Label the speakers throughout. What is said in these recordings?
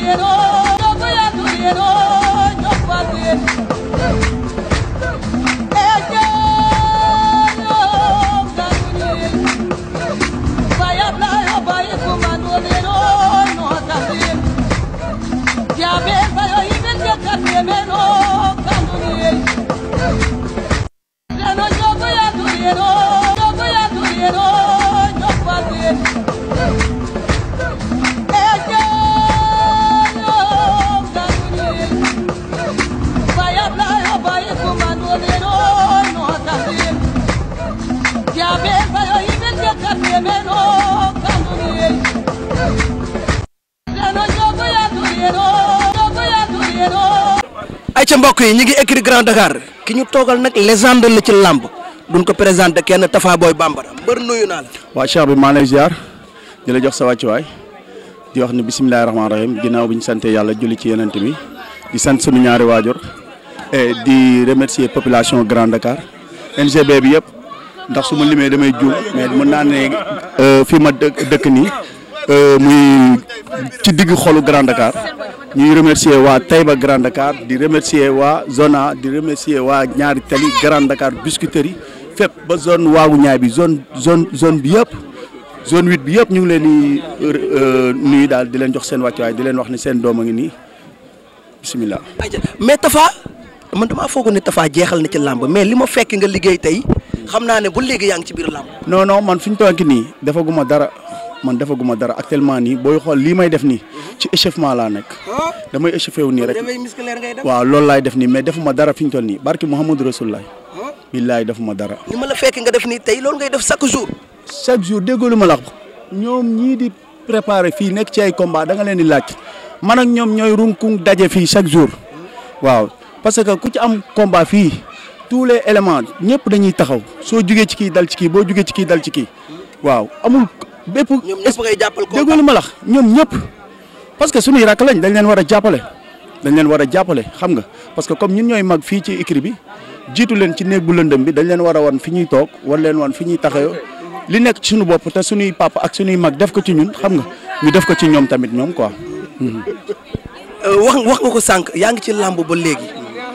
Speaker 1: Quiero, yo voy a tu mbokk yi ñu ngi écrit Grand Dakar ki ñu toogal nag légende la ci làmb duñ ko présenté kenn tafaabooy Boy Bambara mbër nuyu naa la. waa Cheikh bi maa lay ziar di la jox sa waay di wax ne bisimilah rahmaani rahiim ginnaaw bi ñu sant yàlla julli ci yeneen mi di sant sunu ñaari waajur di remercier population Grand Dakar NGB bi yëpp ndax su ma limee damay juum mais mën naa ne euh, fi ma dëkk nii euh, muy ci digg xolu Grand Dakar. ñuy remercier waa Taïba Grand Dakar di remercier waa Zona di remercier waa ñaari tali Grand Dakar Biscuiterie fépp ba zone waagu ñaay bi zone zone zone bi yëpp zone huit bi yëpp ñu ngi leen di euh, nuyu daal di leen jox seen wàccuwaay di leen wax ni seen doom a ngi nii bisimilah. mais Tafa man damaa foog ne Tafa jeexal na ci làmb mais li ma fekk nga liggéey tey xam naa ne bu léegi yaa ngi ci biir làmb. non non man fi ñu toog nii defaguma dara. man defaguma dara actuellement nii booy xool lii may def nii ci échauffement laa nekk ah. damay échauffé wu nii rek waaw loolu laay def nii mais defuma dara fi ñu toll nii barki Mouhamadou Rasulullah ah. billaay ma dara. li ma la fekk nga def nii tey loolu ngay def chaque jour. chaque jour déggoo lu ma la wax ñoom ñii di préparer fii nekk ci ay da nga leen di laaj man ak ñoom ñooy runkung daje fii chaque jour waaw parce que ku ci am combat fii tous les éléments ñëpp dañuy taxaw soo jugee ci kii dal ci kii boo jugee ci kii dal ci kii waaw bépp ñoom ñëpp ngay jàppal ko déggoo ma lax ñoom ñëpp parce que suñuy rakk lañ dañ leen war a jàppale dañ leen war a jàppale xam nga parce que comme ñun ñooy mag fii ci écrit bi jiitu leen ci néeg bu lëndëm bi dañ leen war a wan fi ñuy toog war leen wan fi ñuy taxawoo li nekk ci suñu bopp te suñuy papa ak suñuy mag def ko ci ñun xam nga ñu def ko ci ñoom tamit ñoom quoi. Euh, wax wax nga ko sànq yaa ngi ci làmb ba léegi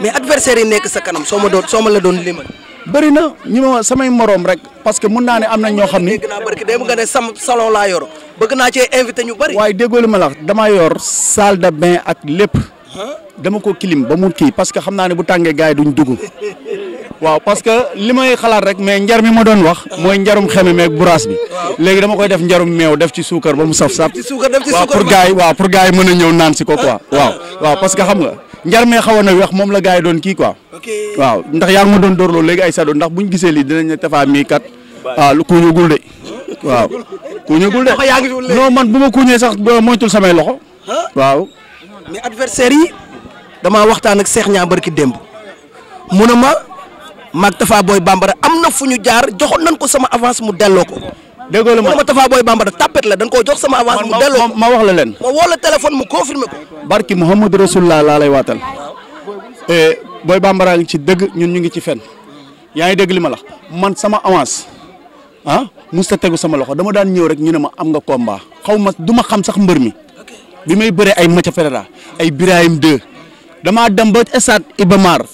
Speaker 1: mais adversaire yi nekk sa kanam soo ma doon soo ma la doon limal. bëri na ñu ma samay moroom rek parce que mën naa ne am na ñoo xam ni. dégg naa barki démb ne sam salon laa yor bëgg naa cee invité ñu bari. waaye déggoo li ma la damaa yor salle de bain ak lépp dama ko clim ba mu kii parce que xam naa ne bu tàngee gars yi duñ dugg waaw parce que li may xalaat rek mais njar mi ma doon wax mooy njarum xeme meeg buraas bi léegi dama koy def njarum meew def ci suukar ba mu saf saf waaw pour gars yi waaw pour gars yi mën a ñëw naan si ko quoi waaw waaw parce que xam nga njar mee xawoon na weex moom la gars yi doon kii quoi. waaw ndax yaa ngi ma doon dóorloo léegi ay sado ndax ñu gisee lii dinañ ne Tapha mii kat. waaw lu kuuñagul de. waaw kuuñagul de non man bu ma kuuñee sax moytul samay loxo. waaw. mais adversaire yi damaa waxtaan ak Cheikh Niang barki démb mu ne ma maag Tapha Boy Bambara am na fu ñu jaar joxoon nañ ko sama avance mu delloo ko. déggoo la ma ma Tafa Boy Bambara tapet la dañ koo jox sama avance. ma wax la leen. ma woo la téléphone mu confirmer ko. barki Mouhamadou Rasulullah laa lay waatal. Eh, Boy Bambara ngi ci dëgg ñun ñu ngi ci fen yaa ngi dégg li ma la man sama avance ah musta tegu sama loxo dama daan ñëw rek ñu ne ma am nga komba xaw ma du ma xam sax mbër mi bi may bëree ay Macha Ferreira ay Birahim 2 damaa dem ba stade Iba Mar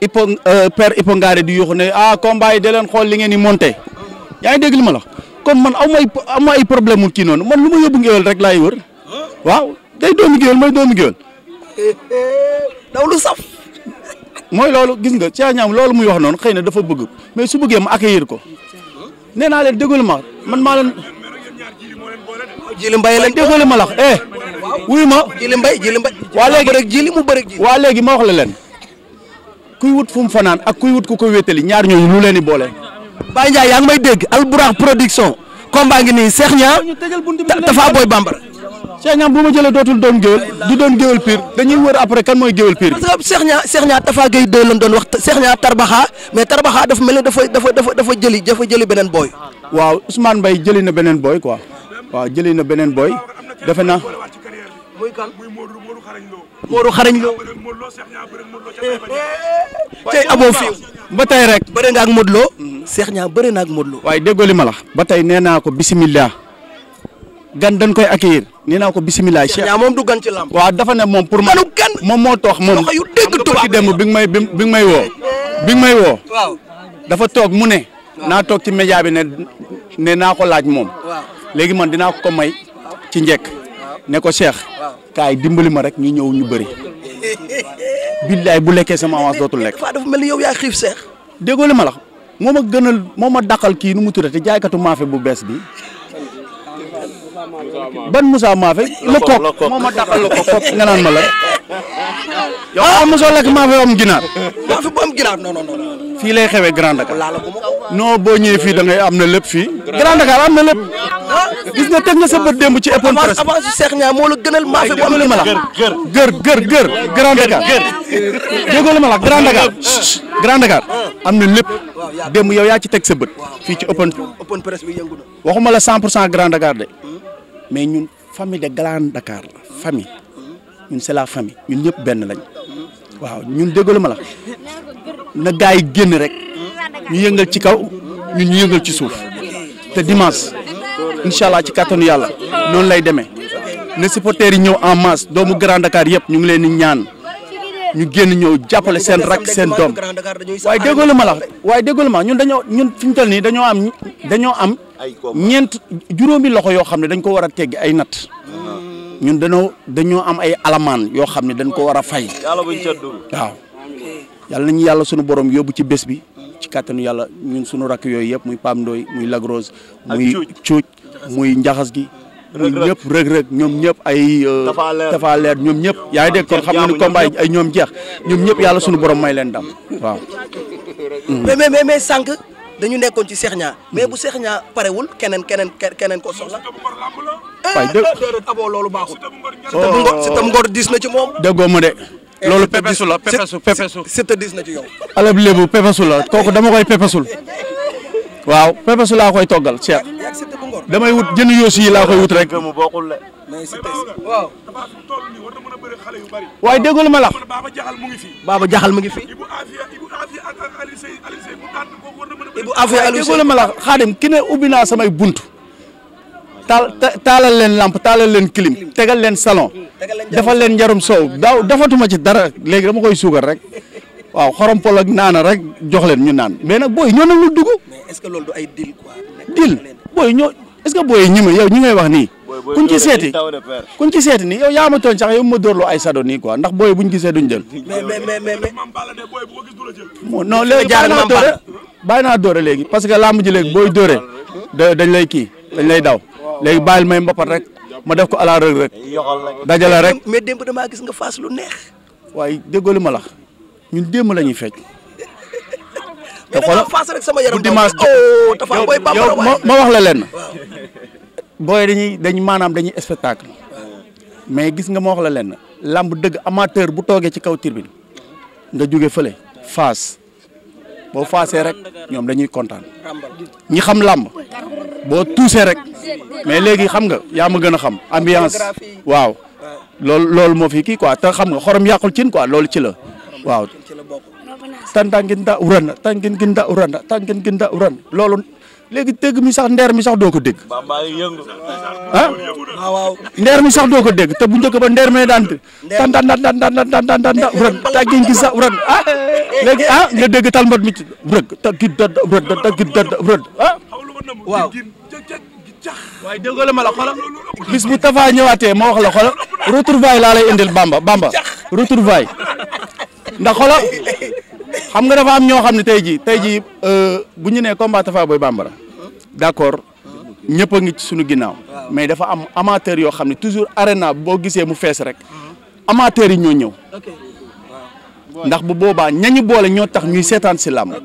Speaker 1: Ipo euh, père Ipo Ngare di yuuxu ne ah combat yi da xool li ngeen i monté. yaa ngi dégg li ma la kon man aw may aw ma ay problème mu kii noonu man lu ma yóbbu ngéwél rek laay wër waaw day doomi géwél mooy doomi géwél daw lu saf mooy loolu gis nga Cheikh Niang loolu muy wax noonu xëy na dafa bëgg mais su bëggee ma accueillir ko nee naa leen déggul ma man maa leen. jili mbay lañ déggul ma lax eh. wuyu ma jili mbay jili mbay. waa léegi rek jili mu bëri jili. waa léegi ma wax la leen kuy wut fu mu fanaan ak kuy wut ku ko wéetali ñaar ñooñu lu leen di boole. Baye Ndiaye yaa ngi may dégg Alburax production combat ngi nii Cheikh Niang dafa booy bambara. Cheikh Niang bu ma jëlee dootul doon géwél du doon géwél pire dañuy wër après kan mooy géwél pire. parce que Cheikh Niang Cheikh Niang Tafa Gueye doy lan doon wax Cheikh Niang Tarbaxa mais Tarbaxa dafa mel ni dafa dafa dafa dafa jëli dafa jëli beneen booy. waaw Ousmane bay jëli na beneen booy quoi waaw jëli na beneen booy defe na muy kan Modou Xarañ Lo. tey aboo fii ba tey rek. bëri nga ak Modou Lo. Cheikh Niang bëri na ak Modou Lo. waaye déggoo li ma la ba tey nee naa ko bisimilah gan dañ koy accueillir nee naa ko bisimilah. Cheikh Niang moom du gan ci lamb. waaw dafa ne moom pour. ganu gan moom moo tax moom. loxo yu dégg tubaab démb bi nga may bi nga may woo. bi nga may woo. waaw dafa toog mu ne. naa toog ci média bi ne ne naa ko laaj moom. léegi man dinaa ko may ci njëkk. ne ko Cheikh. kaay dimbali ma rek ñu ñëw ñu bëri. billaay bu lekkee sama avance dootul lekk. dafa mel ni yow yaa xiif Cheikh. déggoo li ma la moo ma gënal moo ma daqal kii nu mu tuddati jaaykatu maafe bu bees bi ban Moussa Maafe la ma daqal la kook nga naan ma la yow am ah, mosoo lekk maafe bu am ginaar maafe bu fii lay xewee Grand Dakar non boo ñëwee fii da ngay am na lépp fii Grand Dakar am na lépp ah, gis nga sa bët démb ci épon presse avant su Cheikh Niang moo la gënal maafe bu am ma la gër gër gër gër Grand Dakar déggoo ma la Grand Dakar Grand Dakar am na lépp démb yow yaa ci teg sa bët. fii ci open open press yëngu na. waxuma la 100 pour cent Grand Dakar de. Hmm? mais ñun famille de Grand Dakar la hmm. famille. Hmm. ñun c'est la famille ñun ñëpp benn lañ. waaw ñun déggalu ma la na gars yi génn rek ñu yëngal ci kaw ñun ñu yëngal ci suuf te dimanche incha allah ci kàttanu yàlla noonu lay demee ne supporters yi ñëw en masse doomu Grand Dakar yëpp ñu ngi leen di ñaan. ñu génn ñëw jàppale seen rak seen doom waaye déggoo la ma la waaye déggoo la ma ñun dañoo ñun fi ñu toll nii dañoo am dañoo am ñeent juróomi loxo yoo xam ne dañ ko war a teggi ay natt ñun dañoo dañoo am ay alamaan yoo xam ne dañ ko war a fay waaw yàlla nañu yàlla sunu borom yóbbu ci bés bi ci yàlla ñun sunu rakk yooyu yëpp muy Pam Ndoy muy Lagrose muy cuuc muy njaxas gi muy ñëpp rëg rëg ñoom ñëpp ay dafa euh, leer ñëpp yaa ngi dégg kon xam nga ni combat yi ay ñoom jeex ñoom ñëpp yàlla suñu borom may leen dam waaw mais mais mais sànq dañu nekkoon ci Cheikh Niang mais bu Cheikh Niang parewul keneen keneen keneen ko soxla waay ah, dëgg ah, aboo loolu baaxul si tam oh. diis na ci moom déggoo ma de eh, loolu pepesu la pepesu pepesu sirta na ci yow alab lébu pepesu la kooku dama koy pepesul waaw pepesu laa koy toggal Cheikh damay wut jënd yoosi yi laa koy wut rek. waaye déggoo lu ma la. Baba Jaxal mu ngi fi. Baba Jaxal mu ngi fi. Ibu Afia Aliou déggoo lu ma la xaadim ki ne ubbi naa samay bunt. taal taalal leen lampe taalal leen clim tegal leen salon. defal leen njarum soow daaw dafatuma ci dara léegi dama koy suukar rek. waaw xorom pol ak naana rek jox leen ñu naan mais nag booy ñoo nangul dugg. mais est-ce que loolu du ay dil quoi. dil booy ñoo est-ce que booy ñi ma yow ñi ngay wax ni kuñ ci seeti kuñ ci seeti nii yow yaa ma tooñ sax yow ma dóorloo ay sado nii quoi ndax booy buñ gisee duñ jël. mais mais mais mais. non léegi bàyyi naa dóore bàyyi naa dóore léegi parce que làmb ji léegi booy dóore dañ lay kii dañ lay daw léegi bàyyil may mbapat rek ma def ko ala rëg rek dajala rek. mais démb damaa gis nga faas lu neex. waaye déggoo li ma la ñun démb la ñuy fecc te xoolal bu dimanche oh, yow ma wax la leen. dañuy dañ maanaam dañuy spectacle mais gis nga ma wax la leen làmb dëgg amateur bu toogee ci kaw tribune nga jóge fële faas boo faasee rek ñoom dañuy kontaan ñi xam làmb boo tuusee rek mais léegi xam nga yaa ma gën a xam ambiance waaw loolu loolu moo fi kii quoi ta xam nga xorom yàqul cin quoi loolu ci la waaw tantaan gin da uran tan gin gin da uran tan gin gin da uran loolu léegi dégg mi sax ndeer mi sax doo ko dégg ah? ah waaw ndeer mi sax doo ko dégg te bu njëkk ba ndeer mee daan tan tan tan tan tan tan tan tan uran ta gin gin sa uran ah léegi ah nga dégg talmat mi rëg ta gid da uran ta gid da uran ah waaw waaye déggoo la ma la xoolal bis bu Tafa ñëwaatee ma wax la xoolal retrouvaille laa lay indil Bamba Bamba retrouvaille ndax xoolal xam nga dafa am ñoo xam ne tey jii tey jii euh, bu ñu nee combat Tapha Boy Bambara d'accord ñëpp a ngi ci suñu ginnaaw mais dafa am amateur yoo xam ne toujours arena boo gisee mu fees rek amateur yi ñoo ñëw ndax bu boobaa ñañu boole ñoo tax ñuy seetaan si làmb